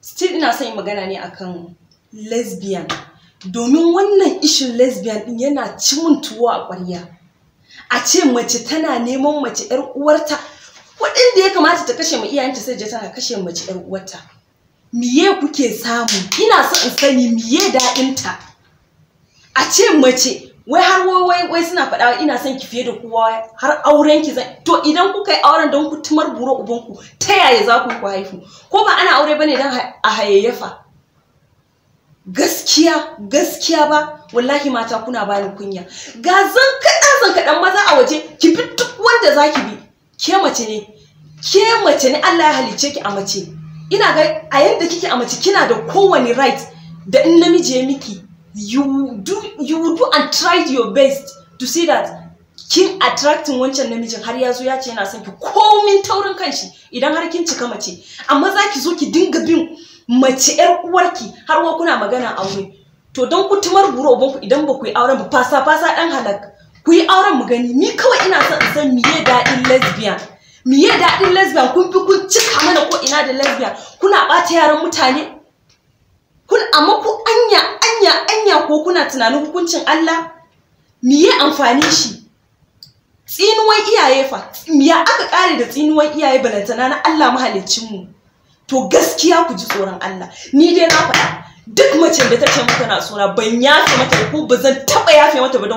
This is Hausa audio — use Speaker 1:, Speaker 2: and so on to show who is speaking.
Speaker 1: still ina son yi magana ne akan lesbian domin wannan ishin lesbian din yana cimin tuwo a ƙwarya a ce mace tana neman mace yar uwarta waɗanda ya kamata ta kashe ma iyayenta sai tana kashe mace yar uwarta miye kuke samu ina son in sani miye daɗinta a ce mace wai har wai wai suna faɗa ina son ki fiye da kowa har auren ki zan to idan kuka yi auren don ku tumar buro ubanku ta yaya za ku haifu ko ba ana aure bane don a hayayyafa gaskiya gaskiya ba wallahi mata kuna bani kunya ga zan kaɗa zan kaɗan maza a waje ki fi duk wanda za ki bi ke mace ne ke mace ne Allah ya halicce ki a mace ina ga a yanda kike a mace kina da kowane right da in namiji ya miki you do you do and try your best to see that kin attracting wancan namijin har ya zo ya ce yana son ki komin taurin kanshi idan har kin cika mace amma za ki zo ki dinga bin mace yar uwarki har wa kuna magana aure to don ku tumar buru ku idan ba ku yi auren ba fasa fasa dan halak ku yi auren mu gani ni kawai ina son in san miye daɗin lesbian miye daɗin lesbian kun fi kun cika mana ko ina da lesbian kuna bata yaran mutane kun amma ku anya kuna anya ko kuna tunanin hukuncin Allah ya amfani shi tsinuwan iyaye fa ya aka kare da tsinuwan iyaye balantana na Allah mahalicin mu to gaskiya ku ji tsoron Allah ni dai na faɗa duk mace da ta ce mata na tsora ban yafe mata ko ba zan taɓa yafe mata ba